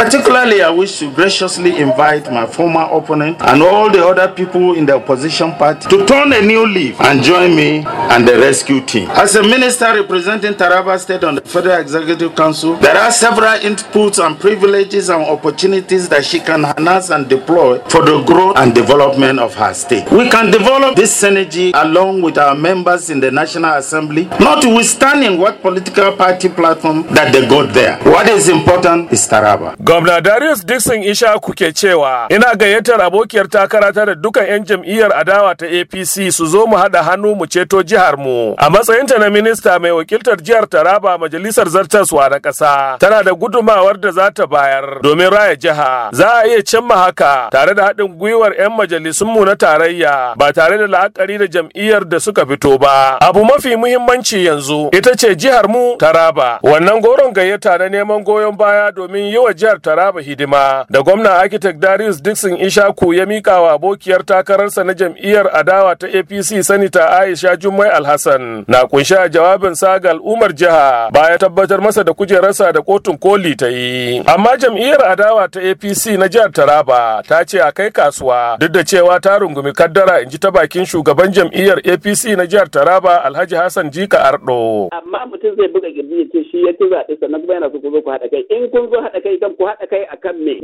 Particularly, I wish to graciously invite my former opponent and all the other people in the opposition party to turn a new leaf and join me and the rescue team. As a minister representing Taraba State on the Federal Executive Council, there are several inputs and privileges and opportunities that she can harness and deploy for the growth and development of her state. We can develop this synergy along with our members in the National Assembly, notwithstanding what political party platform that they got there. What is important is Taraba. Gwamna Darius Dixon Isha kuke cewa ina gayyatar abokiyar takara da dukan 'yan jam'iyyar adawa ta APC su zo mu haɗa hannu mu ceto jihar jihar mu a matsayinta na minista mai wakiltar jihar Taraba majalisar zartaswa na ƙasa tana da gudumawar da za ta bayar domin raya jiha za a iya cimma haka tare da haɗin gwiwar 'yan majalisun mu na tarayya ba tare da la'akari da jam'iyyar da suka fito ba abu mafi muhimmanci yanzu ita ce jihar mu Taraba wannan goron gayyata na neman goyon baya domin yi wa jihar Taraba hidima da gwamna architect Darius Dixon Ishaku ya mika wa abokiyar takararsa na jam'iyyar adawa ta APC sanita Aisha Jummai Abdullahi Alhassan na a jawabin sa ga al'ummar jiha baya tabbatar masa da kujerarsa da kotun koli ta yi. Amma jam'iyyar adawa ta APC na jihar Taraba ta ce a kai kasuwa duk da cewa ta rungumi kaddara in ji ta bakin shugaban jam'iyyar APC na jihar Taraba Alhaji Hassan Jika Ardo. Amma mutum zai buga girbi ya ce shi ya ci zaɓe sannan kuma yana so ku zo ku haɗa kai. In kun zo haɗa kai kan ku haɗa kai akan me?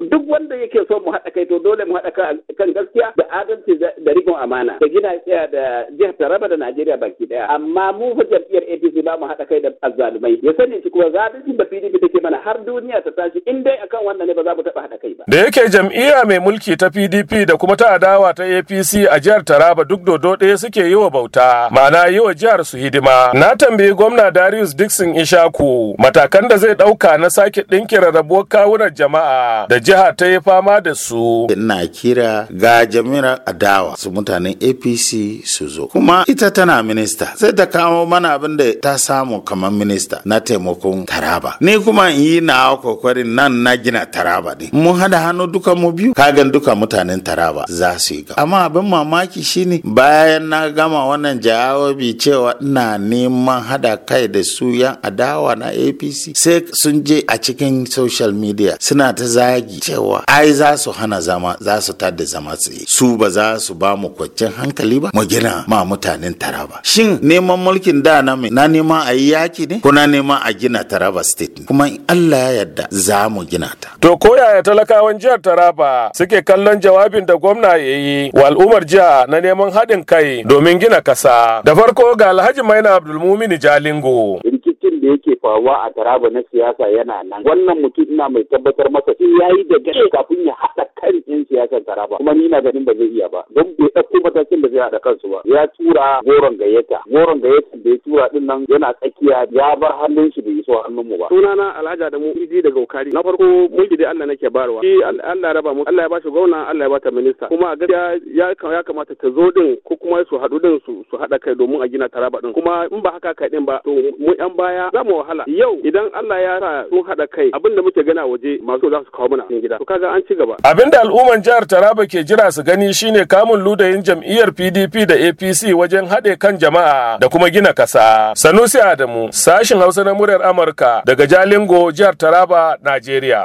Mu duk wanda yake so mu haɗa kai to dole mu haɗa kan gaskiya da adalci da rigon amana. Da gina eh, da jihar Taraba da Najeriya. Najeriya baki daya amma mu fa jam'iyyar APC ba mu haɗa kai da azzalumai ya sani shi kuma zalunci da PDP take mana har duniya ta tashi in dai akan wannan ne ba za mu taɓa haɗa kai ba. Da yake jam'iyya mai mulki ta PDP da kuma ta adawa ta APC a jihar Taraba duk dodo ɗaya suke yi wa bauta ma'ana yi wa jihar su hidima. Na tambayi gwamna Darius Dixon Ishaku matakan da zai ɗauka na sake ɗinkira rabuwar kawunan jama'a da jiha ta yi fama da su. Ina kira ga jami'ar adawa su mutanen APC su zo. Kuma ita ta tana minista sai ta kawo mana abin da ta samu kamar minista na taimakon taraba ni kuma in yi na kokarin nan na gina taraba din mun hada hannu duka mu biyu kagan duka mutanen taraba za su yi amma abin mamaki shine bayan na gama wannan jawabi cewa ina neman hada kai da su yan adawa na apc sai sun je a cikin social media suna ta zagi cewa ai za su hana zama za su tada zama tsaye su ba za su ba mu kwaccen hankali ba mu gina ma mutanen taraba shin neman mulkin da na mai na neman a yi yaki ne ko na neman a gina taraba state ne kuma allah ya yarda za mu gina ta to ko yaya talakawan jihar taraba suke kallon jawabin da gwamna ya yi wa al'ummar jiha na neman haɗin kai domin gina kasa da farko ga alhaji maina abdulmumini jalingo da yake faruwa a taraba na siyasa yana nan wannan mutum ina mai tabbatar masa in yayi da gaske kafin ya haɗa irin yan siyasar taraba kuma ni na ganin ba zai iya ba don bai ɗauko matakin da zai haɗa kansu ba ya tura goron gayyata goron gayyata da ya tura din nan yana tsakiya ya bar hannun shi bai iso hannun mu ba sunana alhaji adamu idi daga ukari na farko mulki dai Allah nake barwa shi Allah ya raba mu Allah ya shi gwamna Allah ya ta minista kuma gaskiya ya kamata ta zo din ko kuma su haɗu din su haɗa kai domin a gina taraba din kuma in ba haka kai din ba to mu yan baya za mu wahala yau idan Allah ya sa sun haɗa kai abinda muke gana waje masu za su kawo mana gida to kaga an ci gaba abin abinda al'umman jihar taraba ke jira su gani shine kamun ludayin jam'iyyar pdp da apc wajen haɗe kan jama'a da kuma gina ƙasa. sanusi adamu sashin hausa na muryar amurka daga jalingo jihar taraba najeriya